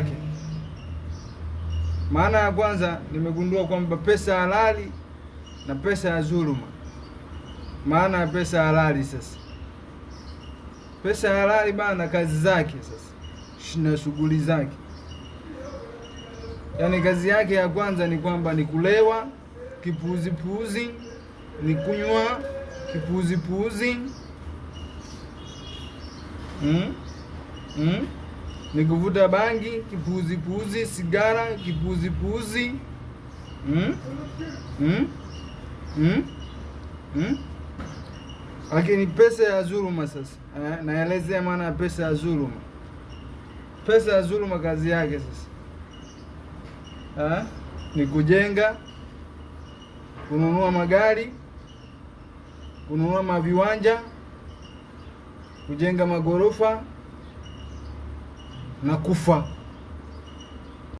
yake. Maana ya kwanza, nimegundua kwamba pesa halali na pesa ya dhuluma. Maana ya pesa halali sasa, pesa halali bana, kazi zake sasa na shughuli zake, yaani kazi yake ya kwanza ni kwamba ni kulewa kipuuzipuuzi, ni kunywa kipuuzipuuzi. Mm? Mm? ni kuvuta bangi, puzi, sigara, puzi. Hmm? Hmm? Hmm? Hmm? Lakini pesa ya dhuluma sasa, eh, naelezea maana ya pesa ya dhuluma. Pesa ya dhuluma kazi yake sasa Ha? Eh? Ni kujenga, kununua magari, kununua maviwanja, kujenga magorofa na kufa.